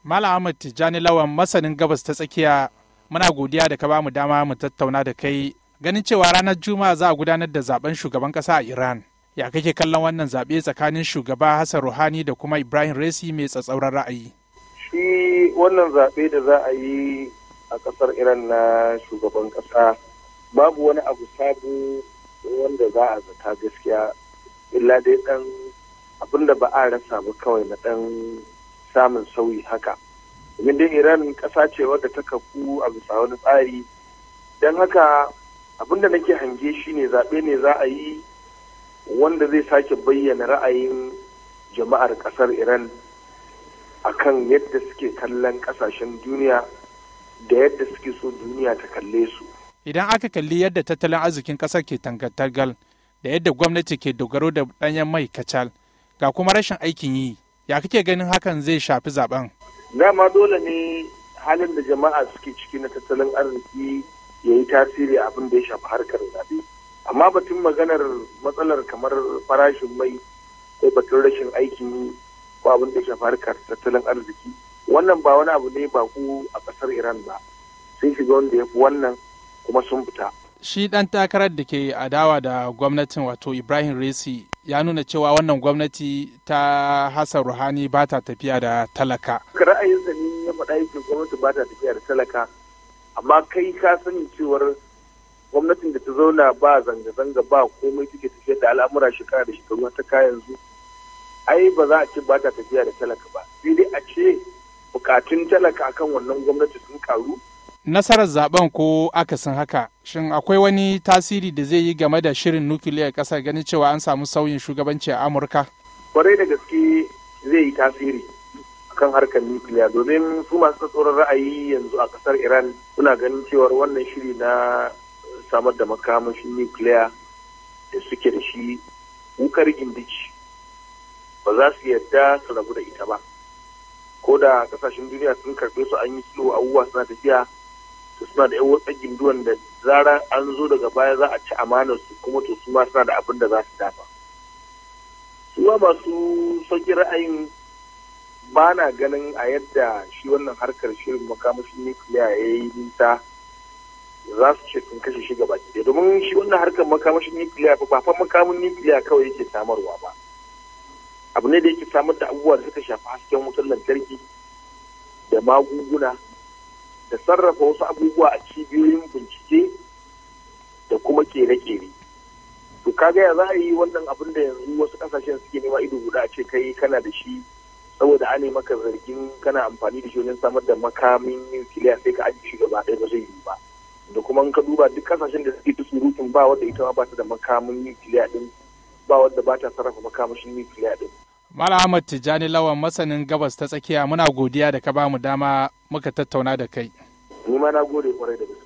Malam Ahmad Tijjani Lawan masanin gabas ta tsakiya muna godiya da ka ba mu dama mu tattauna da kai ganin cewa ranar Juma'a za a gudanar da zaben shugaban kasa a Iran. Ya kake kallon wannan zaɓe tsakanin shugaba Hassan Rouhani da kuma Ibrahim Raisi mai tsatsauran ra'ayi? Shi wannan zaɓe da za a yi a ƙasar Iran na shugaban ƙasa babu wani abu sabu wanda za a zata gaskiya illa dai ɗan abinda ba a rasa ba kawai na ɗan samun sauyi haka domin dai iran ƙasa ce wadda ta kafu a bisa wani tsari don haka abin da nake hange shi ne zaɓe ne za a yi wanda zai sake bayyana ra'ayin jama'ar ƙasar iran akan yadda suke kallon ƙasashen duniya da yadda suke so duniya ta kalle su idan aka kalli yadda tattalin arzikin ƙasar ke tangatangal da yadda gwamnati ke dogaro da ɗanyen mai kacal ga kuma rashin aikin yi ya kake ganin hakan zai shafi zaben dama dole ne halin da jama'a suke ciki na tattalin arziki ya yi tasiri abin da ya shafi harkar zaɓe amma batun maganar matsalar kamar farashin mai ko batun rashin aikin yi ko abin da ya shafi harkar tattalin arziki wannan ba wani abu ne ba ku a ƙasar iran ba sun shiga wanda ya fi wannan kuma sun fita shi ɗan takarar da ke adawa da gwamnatin wato ibrahim resi ya nuna cewa wannan gwamnati ta Hassan Ruhani ba ta tafiya da talaka. Ra'ayinsa ne ya faɗa yake gwamnati ba ta tafiya da talaka, amma kai ka sani cewar gwamnatin da ta zauna ba zanga-zanga ba komai take tafiya da al'amura shekara da shekaru ta kayan yanzu. Ai ba za a ce ba ta tafiya da talaka ba, sai dai a ce bukatun talaka akan wannan gwamnati sun karu nasarar zaben ko akasin haka shin akwai wani tasiri da zai yi game da shirin nukiliyar kasar ganin cewa an samu sauyin shugabanci a amurka kwarai da gaske zai yi tasiri kan harkar nukiliya domin su masu tsoron ra'ayi yanzu a kasar iran suna ganin cewar wannan shiri na samar da makamashin nukiliya da suke da shi wukar gindici ba za su yarda su rabu da ita ba ko da kasashen duniya sun karbe su an yi a abubuwa suna tafiya suna da 'yan wasan ginduwan da zara an zo daga baya za a ci amanar su kuma to su ma suna da abin da za su dafa su masu sauƙi ra'ayin ba na ganin a yadda shi wannan harkar shirin makamashin nukiliya ya yi nisa za su ce sun kashe shi gaba ɗaya domin shi wannan harkar makamashin nukiliya ba fa makamin nukiliya kawai yake samarwa ba abu ne da yake samar da abubuwa da suka shafi hasken wutar lantarki da magunguna da sarrafa wasu abubuwa a cibiyoyin bincike da kuma kere-kere to kaga ya za a yi wannan abin da yanzu wasu kasashen suke nema ido guda a ce kai kana da shi saboda ane maka zargin kana amfani da shi wajen samar da makamin nukiliya sai ka ajiye shi gaba ɗaya ba zai yi ba da kuma ka duba duk kasashen da suke surutun ba wadda ita ma ba ta da makamin nukiliya ɗin, ba wadda ba ta sarrafa makamashin nukiliya ɗin. Mala Ahmad Tijjani Lawan masanin gabas ta tsakiya muna godiya da ka bamu dama muka tattauna da kai. Ni ma na gode kwarai da gaske.